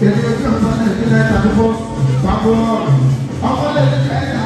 Kẹ̀lé ojú ọ̀sán ní ìpínlẹ̀ Tàdúgbò, Pàbọ̀, ọkọ̀ lè ní kẹ́kẹ́.